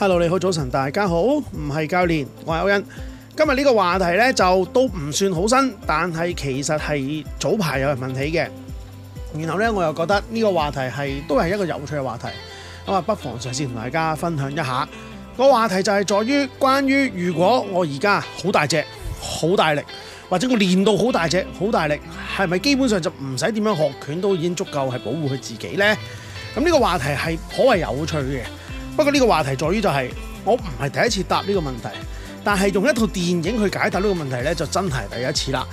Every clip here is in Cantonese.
hello，你好，早晨，大家好，唔係教練，我係歐恩。今日呢個話題呢就都唔算好新，但係其實係早排有人問起嘅，然後呢，我又覺得呢個話題係都係一個有趣嘅話題，咁啊不妨嘗試同大家分享一下。個話題就係在於關於如果我而家好大隻、好大力，或者我練到好大隻、好大力，係咪基本上就唔使點樣學拳都已經足夠係保護佢自己呢？咁呢個話題係頗為有趣嘅。不過呢個話題在於就係、是、我唔係第一次答呢個問題，但係用一套電影去解答呢個問題呢，就真係第一次啦。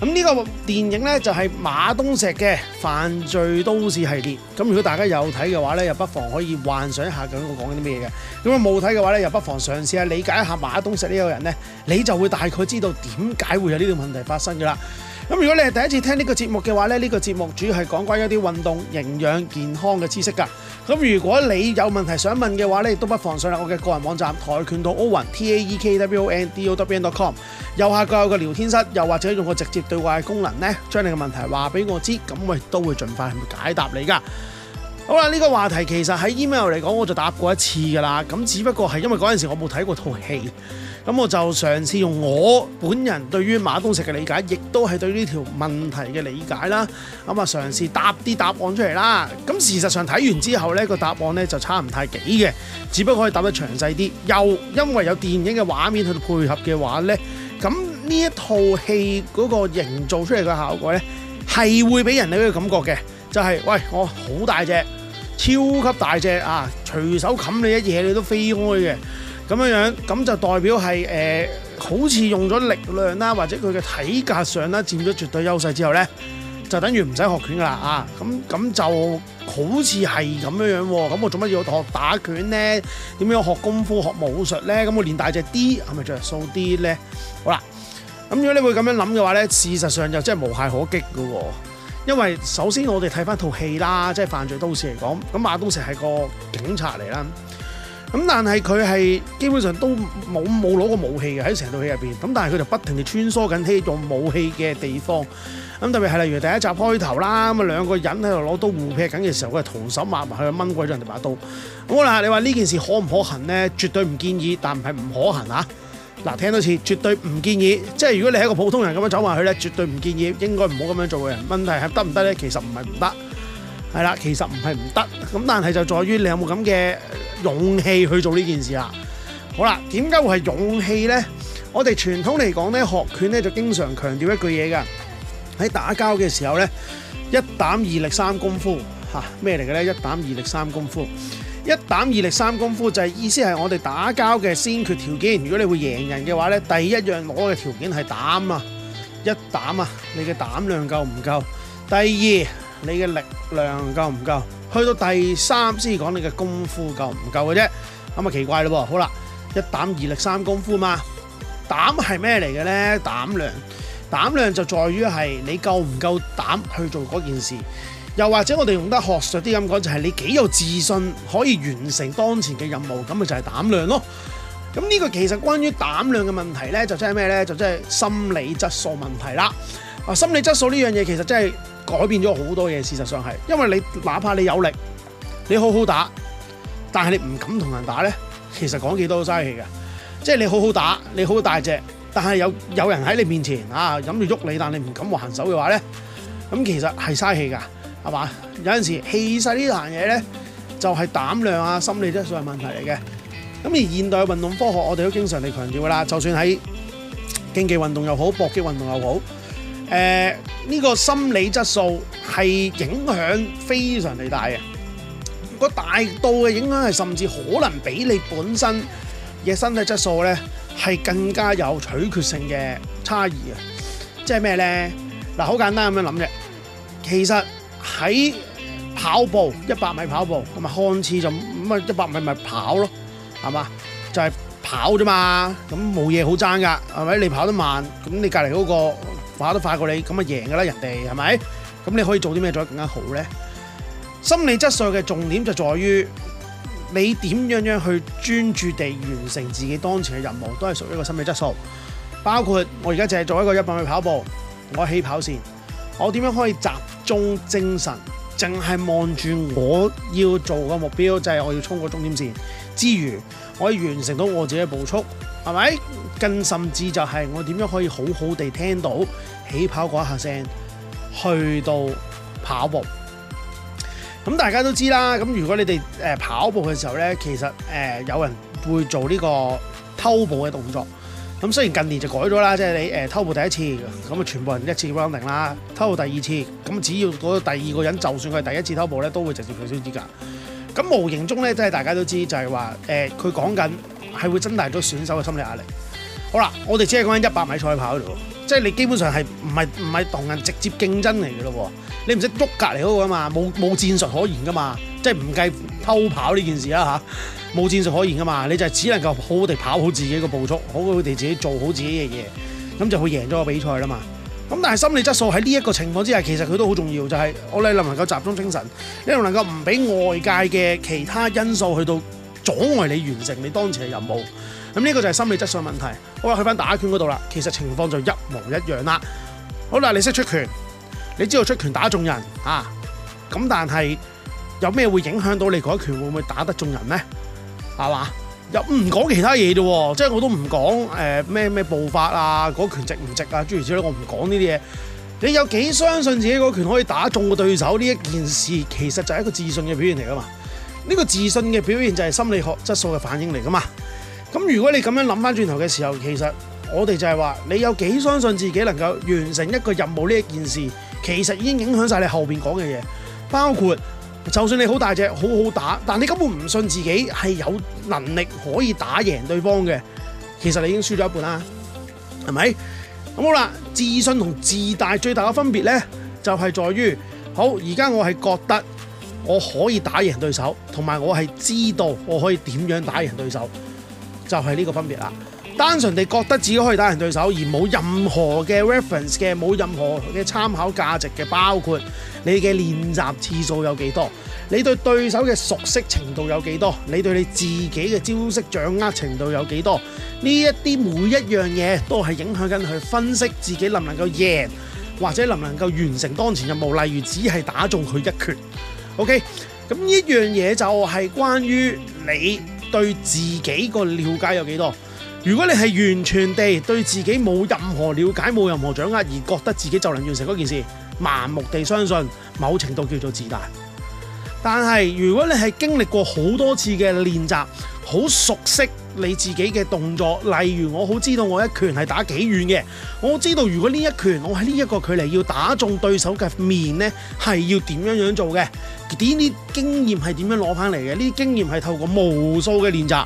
咁呢個電影呢，就係馬東石嘅犯罪都市系列。咁如果大家有睇嘅話呢，又不妨可以幻想一下究竟我講緊啲咩嘅。咁樣冇睇嘅話呢，又不妨嘗試下理解一下馬東石呢一個人呢，你就會大概知道點解會有呢個問題發生㗎喇。咁如果你係第一次聽呢個節目嘅話咧，呢個節目主要係講關於一啲運動、營養、健康嘅知識㗎。咁如果你有問題想問嘅話呢，都不妨上嚟我嘅個人網站跆拳道歐雲 t a e k w o n d o w e n dot com，右下角有個聊天室，又或者用個直接對話嘅功能呢，將你嘅問題話俾我知，咁我亦都會盡快去解答你噶。好啦，呢個話題其實喺 email 嚟講，我就答過一次㗎啦。咁只不過係因為嗰陣時我冇睇過套戲。咁我就嘗試用我本人對於馬東石嘅理解，亦都係對呢條問題嘅理解啦。咁啊，嘗試答啲答案出嚟啦。咁事實上睇完之後呢個答案呢就差唔太幾嘅，只不過可以答得詳細啲。又因為有電影嘅畫面去配合嘅話呢，咁呢一套戲嗰個營造出嚟嘅效果呢，係會俾人哋一個感覺嘅，就係、是、喂我好大隻，超級大隻啊！隨手冚你一嘢，你都飛開嘅。咁樣樣，咁就代表係、呃、好似用咗力量啦，或者佢嘅體格上啦，佔咗絕對優勢之後咧，就等於唔使學拳噶啦啊！咁咁就好似係咁樣樣喎，咁、啊、我做乜要學打拳咧？點樣學功夫、學武術咧？咁我練大隻啲，係咪着數啲咧？好啦，咁如果你會咁樣諗嘅話咧，事實上就真係無懈可擊㗎喎，因為首先我哋睇翻套戲啦，即、就、係、是、犯罪都市嚟講，咁馬東石係個警察嚟啦。咁但係佢係基本上都冇冇攞過武器嘅喺成套戲入邊，咁但係佢就不停地穿梭緊呢種武器嘅地方。咁特別係例如第一集開頭啦，咁啊兩個人喺度攞刀互劈緊嘅時候，佢係徒手抹埋佢，掹鬼咗人哋把刀。咁喇，你話呢件事可唔可行呢？絕對唔建議，但唔係唔可行啊！嗱，聽多次，絕對唔建議。即係如果你係一個普通人咁樣走埋去咧，絕對唔建議，應該唔好咁樣做嘅。問題係得唔得咧？其實唔係唔得。係啦，其實唔係唔得，咁但係就在於你有冇咁嘅勇氣去做呢件事啦。好啦，點解會係勇氣呢？我哋傳統嚟講呢，學拳呢就經常強調一句嘢㗎，喺打交嘅時候呢，一膽二力三功夫。吓，咩嚟嘅呢？一膽二力三功夫，一膽二力三功夫就係、是、意思係我哋打交嘅先決條件。如果你會贏人嘅話呢，第一樣攞嘅條件係膽啊，一膽啊，你嘅膽量夠唔夠？第二。你嘅力量夠唔夠？去到第三先至講你嘅功夫夠唔夠嘅啫。咁啊奇怪咯喎。好啦，一膽二力三功夫嘛。膽係咩嚟嘅呢？膽量，膽量就在於係你夠唔夠膽去做嗰件事。又或者我哋用得學術啲咁講，就係你幾有自信可以完成當前嘅任務，咁咪就係膽量咯。咁呢個其實關於膽量嘅問題呢，就真係咩呢？就真係心理質素問題啦。啊，心理質素呢樣嘢其實真係。改變咗好多嘢，事實上係，因為你哪怕你有力，你好好打，但係你唔敢同人打咧，其實講幾多都嘥氣㗎。即係你好好打，你好大隻，但係有有人喺你面前啊諗住喐你，但係你唔敢還手嘅話咧，咁其實係嘥氣㗎，係嘛？有陣時候氣勢事呢層嘢咧，就係、是、膽量啊、心理質素係問題嚟嘅。咁而現代運動科學，我哋都經常嚟強調㗎啦，就算喺競技運動又好，搏擊運動又好。誒呢個心理質素係影響非常地大嘅，個大到嘅影響係甚至可能比你本身嘅身體質素咧係更加有取決性嘅差異啊！即係咩咧？嗱，好簡單咁樣諗啫。其實喺跑步一百米跑步咁啊，看似就乜一百米咪跑咯，係嘛？就係跑啫嘛，咁冇嘢好爭噶，係咪？你跑得慢，咁你隔離嗰個，話都快過你，咁咪贏㗎啦！人哋係咪？咁你可以做啲咩做得更加好呢？心理質素嘅重點就在於你點樣樣去專注地完成自己當前嘅任務，都係屬於一個心理質素。包括我而家淨係做一個一百米跑步，我起跑線，我點樣可以集中精神？淨係望住我要做嘅目標，就係我要衝過終點線之餘，我以完成到我自己嘅步速，係咪？更甚至就係我點樣可以好好地聽到起跑嗰一下聲，去到跑步。咁大家都知啦。咁如果你哋誒跑步嘅時候呢，其實誒有人會做呢個偷步嘅動作。咁雖然近年就改咗啦，即係你誒偷步第一次，咁啊全部人一次 rounding 啦，偷步第二次，咁只要嗰第二個人，就算佢係第一次偷步咧，都會直接取消資格。咁無形中咧，即係大家都知，就係話誒，佢講緊係會增大咗選手嘅心理壓力。好啦，我哋只係講緊一百米賽跑度，即係你基本上係唔係唔係同人直接競爭嚟嘅咯？你唔使喐隔離嗰個啊嘛，冇冇戰術可言噶嘛，即係唔計偷跑呢件事啦嚇。啊冇戰術可言噶嘛？你就只能夠好好地跑好自己個步速，好好地自己做好自己嘅嘢，咁就會贏咗個比賽啦嘛。咁但係心理質素喺呢一個情況之下，其實佢都好重要。就係、是、我哋能唔能夠集中精神，你又能夠唔俾外界嘅其他因素去到阻礙你完成你當前嘅任務。咁呢個就係心理質素問題。好啦，去翻打拳嗰度啦，其實情況就一模一樣啦。好啦，你識出拳，你知道出拳打中人啊？咁但係有咩會影響到你嗰一拳會唔會打得中人呢？係嘛？又唔講其他嘢啫，即係我都唔講誒咩咩步法啊，嗰拳值唔值啊，諸如此類，我唔講呢啲嘢。你有幾相信自己嗰拳可以打中個對手呢一件事，其實就係一個自信嘅表現嚟噶嘛？呢個自信嘅表現就係心理學質素嘅反應嚟噶嘛？咁如果你咁樣諗翻轉頭嘅時候，其實我哋就係話你有幾相信自己能夠完成一個任務呢一件事，其實已經影響晒你後邊講嘅嘢，包括。就算你好大隻，好好打，但你根本唔信自己係有能力可以打贏對方嘅，其實你已經輸咗一半啦，係咪？咁好啦，自信同自大最大嘅分別呢，就係在於，好，而家我係覺得我可以打贏對手，同埋我係知道我可以點樣打贏對手，就係呢個分別啦。單純地覺得自己可以打贏對手，而冇任何嘅 reference 嘅，冇任何嘅參考價值嘅，包括。你嘅練習次數有幾多？你對對手嘅熟悉程度有幾多？你對你自己嘅招式掌握程度有幾多？呢一啲每一樣嘢都係影響緊佢分析自己能唔能夠贏，或者能唔能夠完成當前任務，例如只係打中佢一拳。OK，咁呢樣嘢就係關於你對自己個了解有幾多？如果你係完全地對自己冇任何了解、冇任何掌握，而覺得自己就能完成嗰件事。盲目地相信，某程度叫做自大。但係如果你係經歷過好多次嘅練習，好熟悉你自己嘅動作，例如我好知道我一拳係打幾遠嘅，我知道如果呢一拳我喺呢一個距離要打中對手嘅面呢，係要點樣樣做嘅？呢啲經驗係點樣攞翻嚟嘅？呢啲經驗係透過無數嘅練習、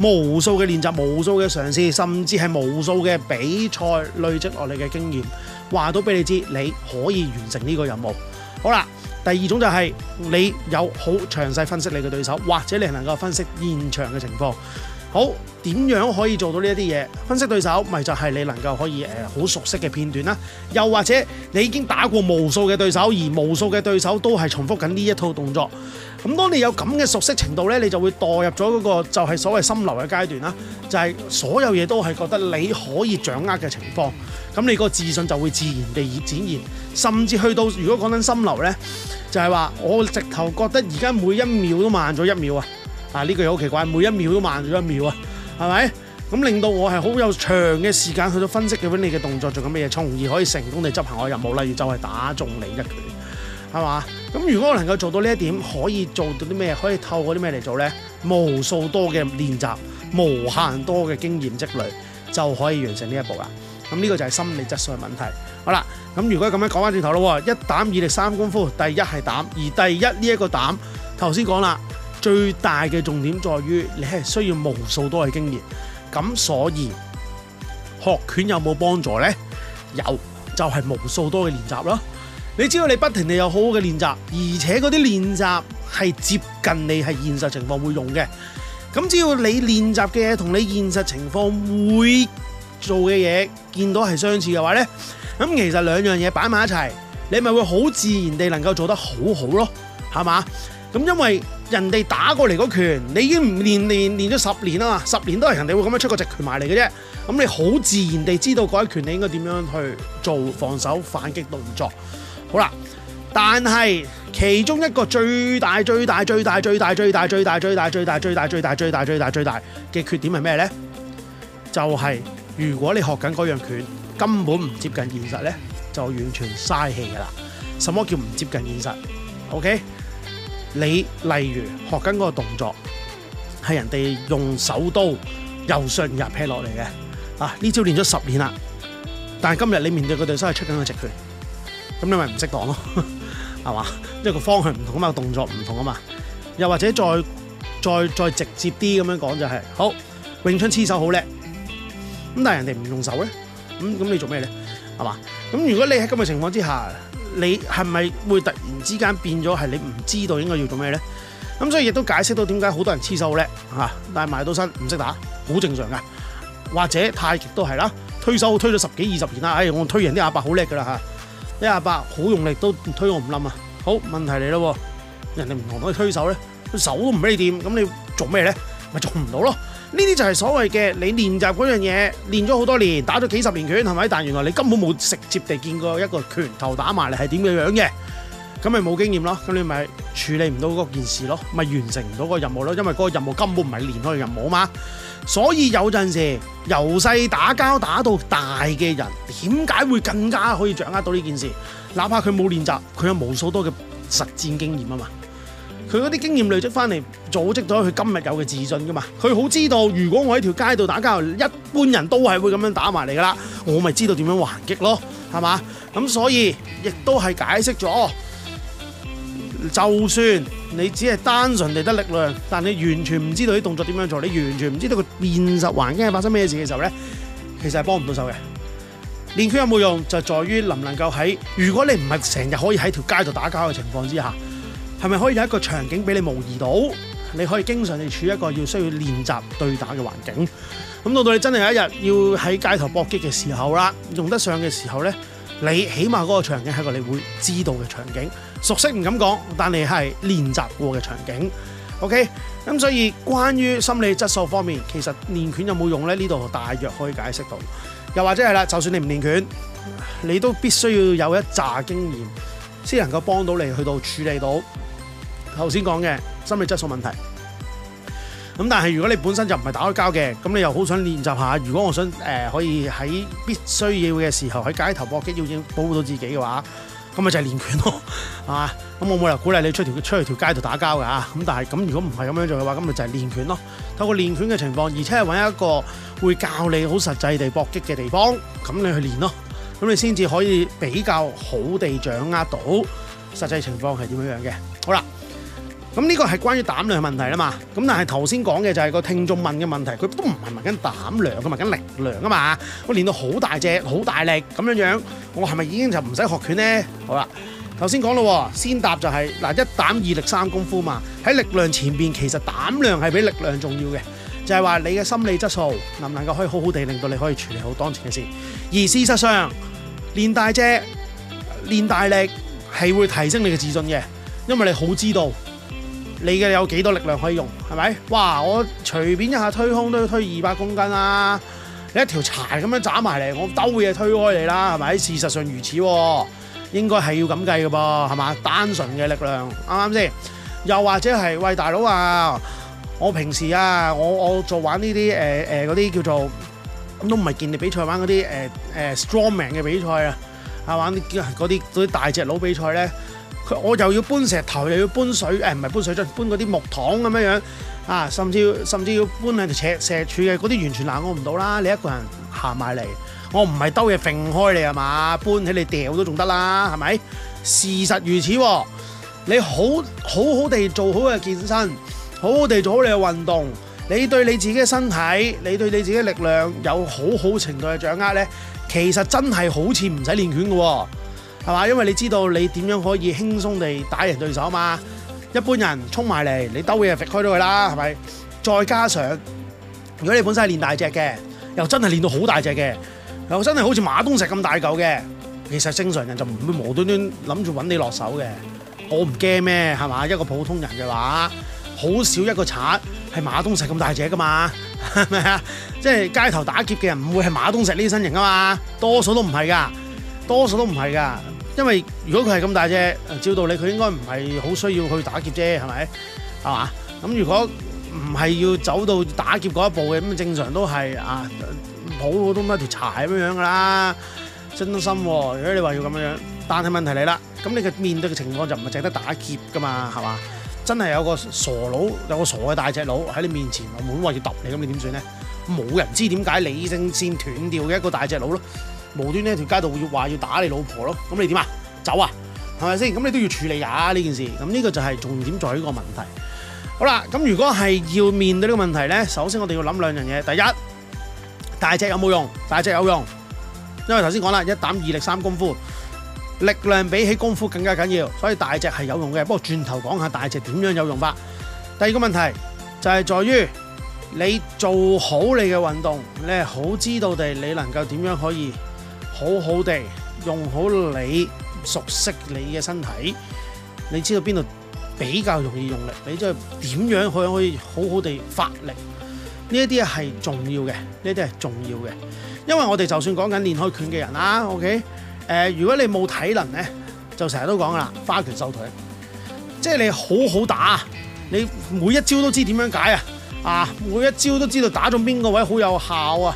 無數嘅練習、無數嘅嘗試，甚至係無數嘅比賽累積落嚟嘅經驗。話到俾你知，你可以完成呢個任務。好啦，第二種就係你有好詳細分析你嘅對手，或者你係能夠分析現場嘅情況。好，點樣可以做到呢一啲嘢？分析對手咪就係你能夠可以誒好熟悉嘅片段啦，又或者你已經打過無數嘅對手，而無數嘅對手都係重複緊呢一套動作。咁當你有咁嘅熟悉程度呢，你就會墮入咗嗰個就係所謂心流嘅階段啦，就係所有嘢都係覺得你可以掌握嘅情況，咁你個自信就會自然地展現，甚至去到如果講緊心流呢，就係話我直頭覺得而家每一秒都慢咗一秒啊！啊，呢句好奇怪，每一秒都慢咗一秒啊，係咪？咁令到我係好有長嘅時間去到分析緊你嘅動作做緊咩嘢，從而可以成功地執行我任務，例如就係打中你一拳。係嘛？咁如果我能夠做到呢一點，可以做到啲咩？可以透過啲咩嚟做呢？無數多嘅練習，無限多嘅經驗積累，就可以完成呢一步啦。咁呢個就係心理質素嘅問題。好啦，咁如果咁樣講翻轉頭咯，一膽二力三功夫，第一係膽，而第一呢一個膽，頭先講啦，最大嘅重點在於你係需要無數多嘅經驗。咁所以學拳有冇幫助呢？有，就係無數多嘅練習咯。你知道你不停地有好好嘅練習，而且嗰啲練習係接近你係現實情況會用嘅。咁只要你練習嘅嘢同你現實情況會做嘅嘢見到係相似嘅話呢，咁其實兩樣嘢擺埋一齊，你咪會好自然地能夠做得好好咯，係嘛？咁因為人哋打過嚟嗰拳，你已經唔練練練咗十年啦嘛，十年都係人哋會咁樣出個直拳埋嚟嘅啫。咁你好自然地知道嗰一拳你應該點樣去做防守反擊動作。好啦，但係其中一個最大、最大、最大、最大、最大、最大、最大、最大、最大、最大、最大、最大、最大嘅缺點係咩呢？就係如果你學緊嗰樣拳根本唔接近現實呢，就完全嘥氣噶啦。什麼叫唔接近現實？OK？你例如學緊嗰個動作係人哋用手刀由上入劈落嚟嘅啊，呢招練咗十年啦，但係今日你面對個對手係出緊個直拳。咁你咪唔識擋咯，係嘛？因為個方向唔同啊嘛，個動作唔同啊嘛。又或者再再再直接啲咁樣講就係：好，詠春黐手好叻。咁但係人哋唔用手咧，咁咁你做咩咧？係嘛？咁如果你喺咁嘅情況之下，你係咪會突然之間變咗係你唔知道應該要做咩咧？咁所以亦都解釋到點解好多人黐手好叻嚇，但係埋到身唔識打，好正常㗎。或者太極都係啦，推手推咗十幾二十年啦，唉、哎，我推人啲阿伯好叻㗎啦嚇。一廿八好用力都推我唔冧啊！好問題嚟咯，人哋唔同我推手咧，手都唔俾你掂，咁你做咩咧？咪做唔到咯？呢啲就係所謂嘅你練習嗰樣嘢練咗好多年，打咗幾十年拳係咪？但原來你根本冇直接地見過一個拳頭打埋嚟係點嘅樣嘅，咁咪冇經驗咯。咁你咪處理唔到嗰件事咯，咪完成唔到個任務咯，因為嗰個任務根本唔係練開嘅任務啊嘛。所以有陣時由細打交打到大嘅人，點解會更加可以掌握到呢件事？哪怕佢冇練習，佢有無數多嘅實戰經驗啊嘛！佢嗰啲經驗累積翻嚟，組織咗佢今日有嘅自信噶嘛！佢好知道，如果我喺條街度打交，一般人都係會咁樣打埋嚟噶啦，我咪知道點樣還擊咯，係嘛？咁所以亦都係解釋咗，就算。你只係單純地得力量，但你完全唔知道啲動作點樣做，你完全唔知道個現實環境係發生咩事嘅時候呢，其實係幫唔到手嘅。練拳有冇用，就在於能唔能夠喺如果你唔係成日可以喺條街度打交嘅情況之下，係咪可以有一個場景俾你模擬到？你可以經常地處一個要需要練習對打嘅環境。咁到到你真係有一日要喺街頭搏擊嘅時候啦，用得上嘅時候呢，你起碼嗰個場景係個你會知道嘅場景。熟悉唔敢講，但你係練習過嘅場景，OK。咁所以關於心理質素方面，其實練拳有冇用呢？呢度大約可以解釋到。又或者係啦，就算你唔練拳，你都必須要有一紮經驗，先能夠幫到你去到處理到頭先講嘅心理質素問題。咁但係如果你本身就唔係打開交嘅，咁你又好想練習下。如果我想、呃、可以喺必須要嘅時候喺街頭搏擊要保護到自己嘅話，咁咪就係練拳咯，係嘛？咁我冇理由鼓勵你出條出去條街度打交噶吓，咁但係咁如果唔係咁樣做嘅話，咁咪就係練拳咯。透過練拳嘅情況，而且係搵一個會教你好實際地搏擊嘅地方，咁你去練咯。咁你先至可以比較好地掌握到實際情況係點樣樣嘅。好啦。咁呢個係關於膽量嘅問題啦嘛。咁但係頭先講嘅就係個聽眾問嘅問題，佢都唔係問緊膽量，佢問緊力量啊嘛。我練到好大隻、好大力咁樣樣，我係咪已經就唔使學拳呢？好啦，頭先講咯，先答就係嗱一膽二力三功夫嘛。喺力量前面，其實膽量係比力量重要嘅，就係話你嘅心理質素能唔能夠可以好好地令到你可以處理好當前嘅事。而事實上，練大隻、練大力係會提升你嘅自信嘅，因為你好知道。你嘅有幾多力量可以用？係咪？哇！我隨便一下推胸都要推二百公斤啦，啊！你一條柴咁樣斬埋嚟，我兜嘢推開你啦，係咪？事實上如此喎，哦，應該係要咁計嘅噃，係嘛？單純嘅力量啱啱先？又或者係喂大佬啊！我平時啊，我我做玩呢啲誒誒嗰啲叫做咁都唔係健力比賽，玩嗰啲誒誒 Strongman 嘅比賽啊，係玩嗰啲啲大隻佬比賽咧。我又要搬石頭，又要搬水，誒唔係搬水樽，搬嗰啲木糖咁樣啊，甚至要甚至要搬喺條石柱嘅嗰啲，完全難我唔到啦！你一個人行埋嚟，我唔係兜嘢揈開你吖嘛？搬起你掉都仲得啦，係咪？事實如此，你好好好地做好嘅健身，好好地做好你嘅運動，你對你自己嘅身體，你對你自己力量有好好程度嘅掌握咧，其實真係好似唔使練拳嘅。係嘛？因為你知道你點樣可以輕鬆地打贏對手嘛？一般人衝埋嚟，你兜嘢揈開咗佢啦，係咪？再加上，如果你本身係練大隻嘅，又真係練到好大隻嘅，又真係好似馬東石咁大嚿嘅，其實正常人就唔會無端端諗住揾你落手嘅。我唔驚咩？係嘛？一個普通人嘅話，好少一個賊係馬東石咁大隻噶嘛？係咪啊？即係街頭打劫嘅人唔會係馬東石呢啲身形啊嘛，多數都唔係噶。多數都唔係噶，因為如果佢係咁大隻，照道理佢應該唔係好需要去打劫啫，係咪？係嘛？咁如果唔係要走到打劫嗰一步嘅，咁正常都係啊，普普通通一條柴咁樣噶啦。真心、哦、如果你話要咁樣，但係問題嚟啦，咁你嘅面對嘅情況就唔係淨得打劫噶嘛，係嘛？真係有個傻佬，有個傻嘅大隻佬喺你面前，冇話要揼你，咁你點算咧？冇人知點解理性先斷掉嘅一個大隻佬咯。無端呢條街度要話要打你老婆咯，咁你點啊？走啊？係咪先？咁你都要處理呀呢件事。咁呢個就係重點在於呢個問題。好啦，咁如果係要面對呢個問題呢，首先我哋要諗兩樣嘢。第一，大隻有冇用？大隻有用，因為頭先講啦，一膽二力三功夫，力量比起功夫更加緊要，所以大隻係有用嘅。不過轉頭講下大隻點樣有用吧。第二個問題就係在於你做好你嘅運動，你係好知道地你能夠點樣可以。好好地用好你熟悉你嘅身體，你知道邊度比較容易用力，你知道點樣可以可以好好地發力。呢一啲係重要嘅，呢啲係重要嘅。因為我哋就算講緊練開拳嘅人啦，OK？誒、呃，如果你冇體能咧，就成日都講噶啦，花拳繡腿，即係你好好打，你每一招都知點樣解啊，啊，每一招都知道打中邊個位好有效啊，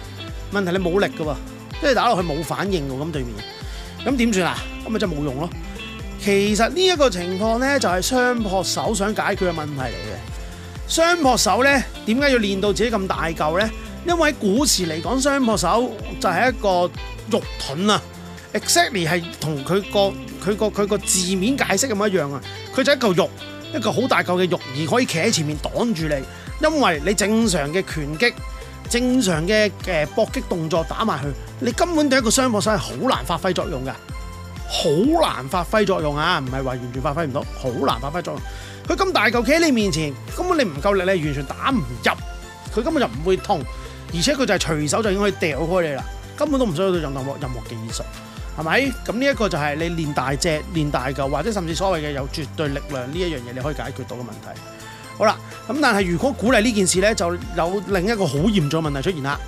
問題你冇力噶喎。即係打落去冇反應喎，咁對面咁點算啊？咁咪就冇用咯。其實呢一個情況咧，就係雙撲手想解決嘅問題嚟嘅。雙撲手咧，點解要練到自己咁大嚿咧？因為喺古時嚟講，雙撲手就係一個肉盾啊。exactly 係同佢個佢個佢個字面解釋咁一樣啊。佢就係一嚿肉，一個好大嚿嘅肉而可以企喺前面擋住你。因為你正常嘅拳擊、正常嘅誒搏擊動作打埋佢。你根本對一個雙槓手係好難發揮作用嘅，好難發揮作用啊！唔係話完全發揮唔到，好難發揮作用。佢咁大嚿企喺你面前，根本你唔夠力，你完全打唔入，佢根本就唔會痛，而且佢就係隨手就已經可以掉開你啦，根本都唔需要到任任何技術，係咪？咁呢一個就係你練大隻、練大嚿，或者甚至所謂嘅有絕對力量呢一樣嘢，這個、你可以解決到嘅問題。好啦，咁但係如果鼓勵呢件事咧，就有另一個好嚴重嘅問題出現啦。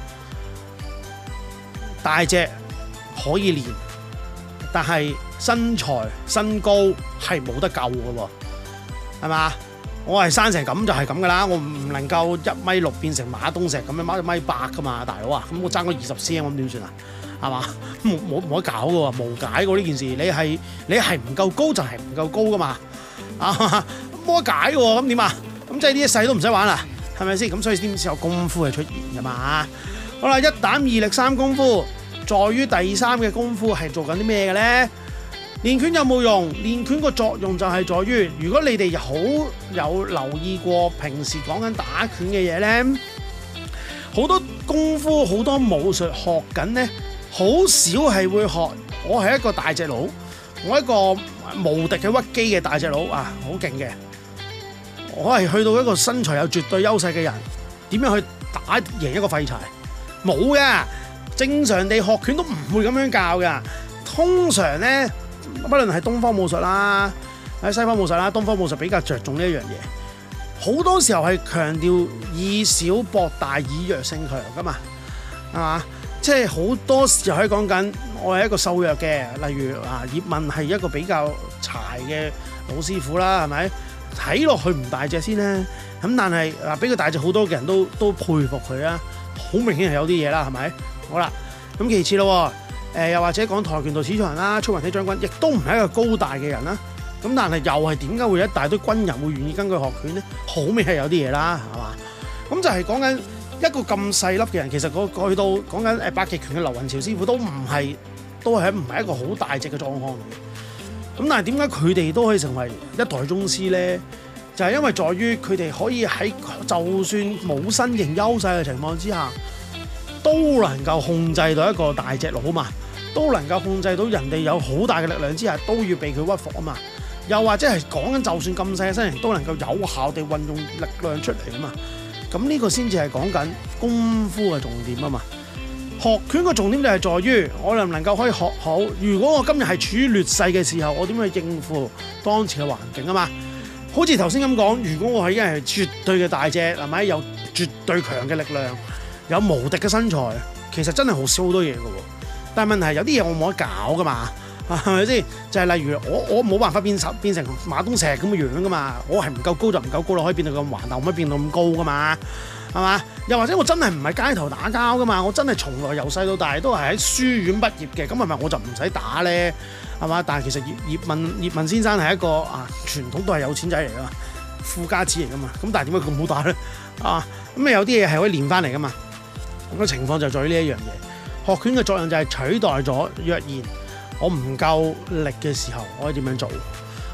大隻可以練，但係身材身高係冇得救嘅喎，係嘛？我係生成咁就係咁嘅啦，我唔能夠一米六變成馬東石咁樣，孖一米八嘅嘛，大佬啊！咁我爭個二十 CM，我點算啊？係嘛？冇冇冇得搞嘅喎，無解嘅喎呢件事，你係你係唔夠高就係唔夠高嘅嘛，啊冇得解喎，咁點啊？咁即係呢一世都唔使玩啦，係咪先？咁所以點先有功夫係出現㗎嘛？好啦，一膽二力三功夫。在於第三嘅功夫係做緊啲咩嘅呢？練拳有冇用？練拳個作用就係在於，如果你哋好有留意過，平時講緊打拳嘅嘢呢，好多功夫、好多武術學緊呢，好少係會學。我係一個大隻佬，我一個無敵嘅屈機嘅大隻佬啊，好勁嘅。我係去到一個身材有絕對優勢嘅人，點樣去打贏一個廢柴？冇嘅。正常地學拳都唔會咁樣教㗎。通常咧，不論係東方武術啦，喺西方武術啦，東方武術比較着重呢一樣嘢。好多時候係強調以小博大，以弱勝強㗎嘛，係嘛？即係好多時候可以講緊，我係一個瘦弱嘅，例如啊，葉問係一個比較柴嘅老師傅啦，係咪？睇落去唔大隻先咧，咁但係啊，比佢大隻好多嘅人都都佩服佢啦。好明顯係有啲嘢啦，係咪？好啦，咁其次咯，喎、呃。又或者講跆拳道始創人啦，崔雲熙將軍，亦都唔係一個高大嘅人啦。咁但係又係點解會有一大堆軍人會願意跟佢學拳呢？好尾係有啲嘢啦，係嘛？咁就係講緊一個咁細粒嘅人，其實去到講緊誒八極拳嘅劉雲潮師傅都唔係，都係唔係一個好大隻嘅狀況嚟嘅。咁但係點解佢哋都可以成為一代宗師咧？就係、是、因為在於佢哋可以喺就算冇身形優勢嘅情況之下。都能夠控制到一個大隻佬嘛，都能夠控制到人哋有好大嘅力量之下都要被佢屈服啊嘛，又或者係講緊就算咁細嘅身形都能夠有效地運用力量出嚟啊嘛，咁呢個先至係講緊功夫嘅重點啊嘛，學拳嘅重點就係在於我能唔能夠可以學好，如果我今日係處於劣勢嘅時候，我點樣去應付當前嘅環境啊嘛，好似頭先咁講，如果我係一係絕對嘅大隻係咪有絕對強嘅力量？有無敵嘅身材，其實真係好少好多嘢嘅喎。但係問題是有啲嘢我冇得搞嘅嘛，係咪先？就係、是、例如我我冇辦法變成成馬東石咁嘅樣嘅嘛。我係唔夠高就唔夠高咯，可以變到咁橫流，唔可以變到咁高嘅嘛，係嘛？又或者我真係唔係街頭打交嘅嘛？我真係從來由細到大都係喺書院畢業嘅，咁係咪我就唔使打咧？係嘛？但係其實葉葉問葉問先生係一個啊傳統都係有錢仔嚟嘅嘛，富家子嚟嘅嘛。咁但係點解佢咁好打咧？啊咁啊有啲嘢係可以練翻嚟嘅嘛？咁嘅情況就喺呢一樣嘢，學拳嘅作用就係取代咗，若然我唔夠力嘅時候，我可以點樣做？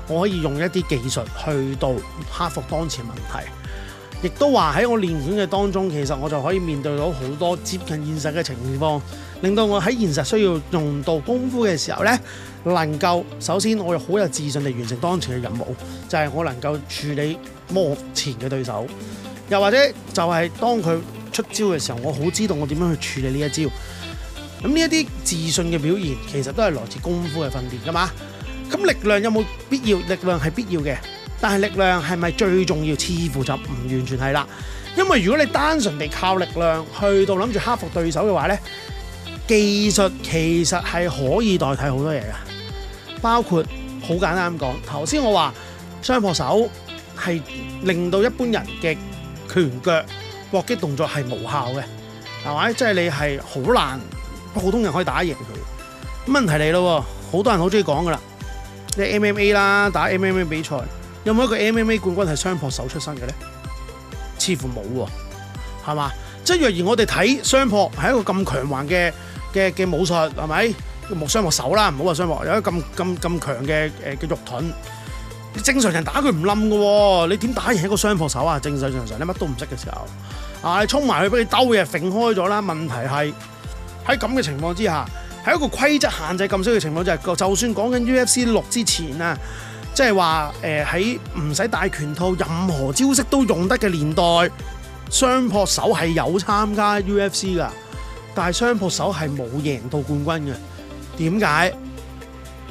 我可以用一啲技術去到克服當前問題。亦都話喺我練拳嘅當中，其實我就可以面對到好多接近現實嘅情況，令到我喺現實需要用到功夫嘅時候呢，能夠首先我有好有自信地完成當前嘅任務，就係我能夠處理目前嘅對手。又或者就係當佢出招嘅時候，我好知道我點樣去處理呢一招。咁呢一啲自信嘅表現，其實都係來自功夫嘅訓練噶嘛。咁力量有冇必要？力量係必要嘅，但係力量係咪最重要？似乎就唔完全係啦。因為如果你單純地靠力量去到諗住克服對手嘅話呢，技術其實係可以代替好多嘢噶。包括好簡單咁講，頭先我話雙破手係令到一般人嘅拳腳。搏擊動作係無效嘅，係咪？即係你係好難，普通人可以打贏佢。咁問題嚟咯，好多人好中意講噶啦，係 MMA 啦，打 MMA 比賽有冇一個 MMA 冠軍係雙膊手出身嘅咧？似乎冇喎，係嘛？即係若然我哋睇雙膊係一個咁強橫嘅嘅嘅武術，係咪？木雙膊手啦，唔好話雙膊，有一個咁咁咁強嘅誒嘅肉盾。正常人打佢唔冧嘅，你點打贏一個雙撲手啊？正常正常，你乜都唔識嘅時候，啊，你衝埋去俾你兜嘢揈開咗啦。問題係喺咁嘅情況之下，喺一個規則限制咁少嘅情況下，就係就算講緊 UFC 六之前啊，即係話誒喺唔使戴拳套，任何招式都用得嘅年代，雙撲手係有參加 UFC 噶，但係雙撲手係冇贏到冠軍嘅。點解？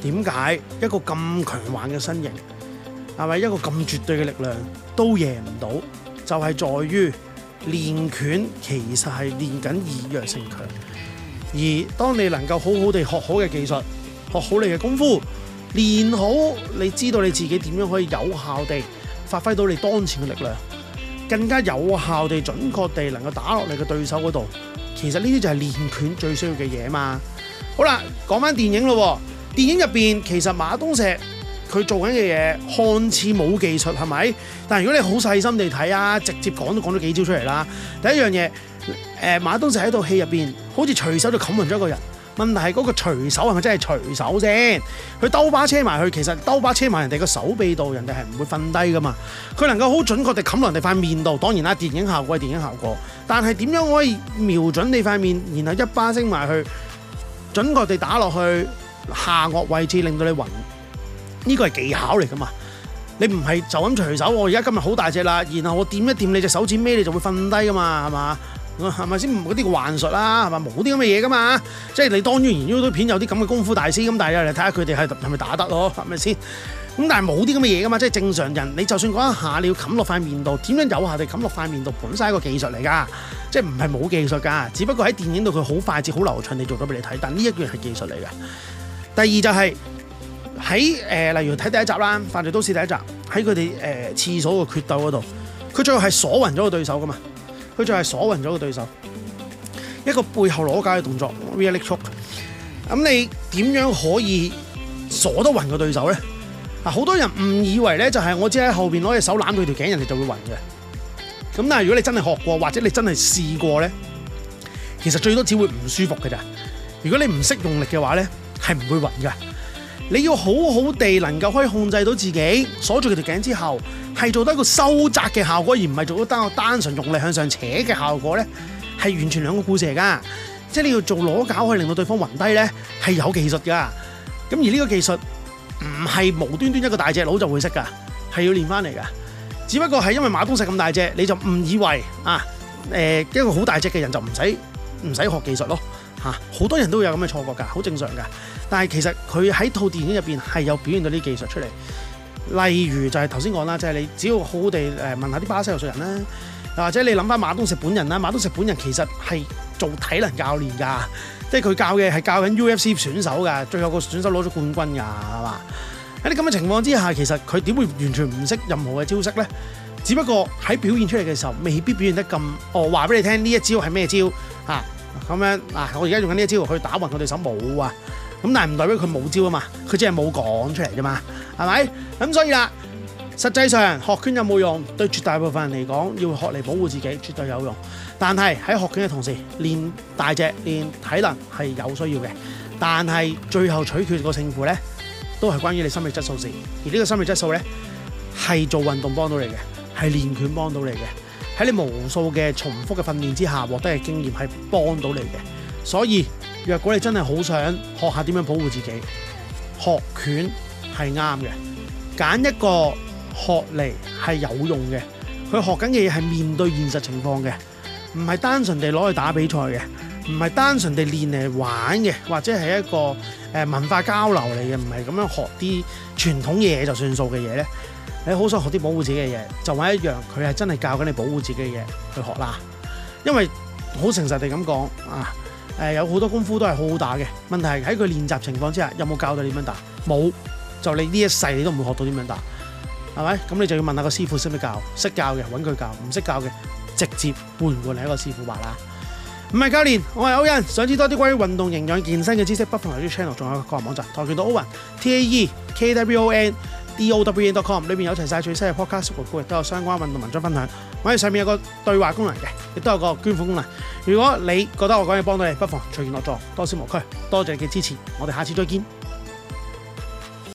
點解一個咁強橫嘅身形？係咪一個咁絕對嘅力量都贏唔到？就係在於練拳其實係練緊以弱勝強，而當你能夠好好地學好嘅技術，學好你嘅功夫，練好，你知道你自己點樣可以有效地發揮到你當前嘅力量，更加有效地準確地能夠打落你嘅對手嗰度。其實呢啲就係練拳最需要嘅嘢嘛。好啦，講翻電影咯，電影入邊其實馬東石。佢做緊嘅嘢看似冇技術係咪？但係如果你好細心地睇啊，直接講都講咗幾招出嚟啦。第一樣嘢，誒馬東石喺套戲入邊，好似隨手就冚暈咗一個人。問題係嗰個隨手係咪真係隨手先？佢兜巴車埋去，其實兜巴車埋人哋個手臂度，人哋係唔會瞓低㗎嘛。佢能夠好準確地冚落人哋塊面度，當然啦，電影效果係電影效果。但係點樣可以瞄準你塊面，然後一巴升埋去，準確地打落去下顎位置，令到你暈？呢個係技巧嚟噶嘛？你唔係就咁隨手。我而家今日好大隻啦，然後我掂一掂你隻手指尾，你就會瞓低噶嘛，係嘛？係咪先？嗰啲幻術啦、啊，係嘛？冇啲咁嘅嘢噶嘛。即係你當然，然之後片有啲咁嘅功夫大師咁，但係你睇下佢哋係係咪打得咯？係咪先？咁但係冇啲咁嘅嘢噶嘛。即係正常人，你就算講一下，你要冚落塊面度，點樣有效地冚落塊面度本身係一個技術嚟噶。即係唔係冇技術噶？只不過喺電影度佢好快捷、好流暢地做咗俾你睇。但呢一樣係技術嚟噶。第二就係、是。喺誒，例如睇第一集啦，《犯罪都市》第一集，喺佢哋誒廁所嘅決鬥嗰度，佢最後係鎖暈咗個對手噶嘛，佢就係鎖暈咗個對手，一個背後裸絞嘅動作，rear naked choke。咁你點樣可以鎖得暈個對手咧？啊，好多人誤以為咧，就係我只喺後邊攞隻手攬佢條頸，人哋就會暈嘅。咁但係如果你真係學過，或者你真係試過咧，其實最多只會唔舒服嘅咋。如果你唔識用力嘅話咧，係唔會暈噶。你要好好地能夠可以控制到自己鎖住佢條頸之後，係做到一個收窄嘅效果，而唔係做到單單純用力向上扯嘅效果呢，係完全兩個故事嚟噶。即係你要做攞搞可以令到對方暈低呢，係有技術噶。咁而呢個技術唔係無端端一個大隻佬就會識噶，係要練翻嚟噶。只不過係因為馬東石咁大隻，你就誤以為啊，誒一個好大隻嘅人就唔使唔使學技術咯嚇。啊，好多人都會有咁嘅錯覺㗎，好正常㗎。但係其實佢喺套電影入邊係有表現到啲技術出嚟，例如就係頭先講啦，就係、是、你只要好好地誒問下啲巴西柔術人啦，又或者你諗翻馬東石本人啦，馬東石本人其實係做體能教練噶，即係佢教嘅係教緊 UFC 選手噶，最後個選手攞咗冠軍噶，係嘛？喺啲咁嘅情況之下，其實佢點會完全唔識任何嘅招式咧？只不過喺表現出嚟嘅時候，未必表現得咁哦。話俾你聽呢一招係咩招？吓、啊、咁樣啊！我而家用緊呢一招去打暈佢哋手，冇啊！咁但係唔代表佢冇招啊嘛，佢只係冇講出嚟啫嘛，係咪？咁所以啦，實際上學拳有冇用？對絕大部分人嚟講，要學嚟保護自己絕對有用。但係喺學拳嘅同時，練大隻、練體能係有需要嘅。但係最後取決個勝負呢，都係關於你心理質素事。而呢個心理質素呢，係做運動幫到你嘅，係練拳幫到你嘅。喺你無數嘅重複嘅訓練之下獲得嘅經驗係幫到你嘅。所以。若果你真係好想學下點樣保護自己，學拳係啱嘅。揀一個學嚟係有用嘅，佢學緊嘅嘢係面對現實情況嘅，唔係單純地攞去打比賽嘅，唔係單純地練嚟玩嘅，或者係一個誒、呃、文化交流嚟嘅，唔係咁樣學啲傳統嘢就算數嘅嘢咧。你好想學啲保護自己嘅嘢，就揾一樣佢係真係教緊你保護自己嘅嘢去學啦。因為好誠實地咁講啊。誒、呃、有好多功夫都係好好打嘅，問題係喺佢練習情況之下有冇教到你點樣打？冇就你呢一世你都唔會學到點樣打，係咪？咁你就要問下個師傅識唔識教？識教嘅揾佢教，唔識教嘅直接換唔換另一個師傅話啦。唔係教練，我係 Owen。想知道多啲關於運動營養健身嘅知識，不妨留意啲 channel，仲有個人網站跆拳道 Owen T A E K W O N。dowen.com 裏面有齊晒最新嘅 podcast 回顧，都有相關運動文章分享。跟住上面有個對話功能嘅，亦都有個捐款功能。如果你覺得我講嘢幫到你，不妨隨便落座，多少莫拘。多謝你嘅支持，我哋下次再見。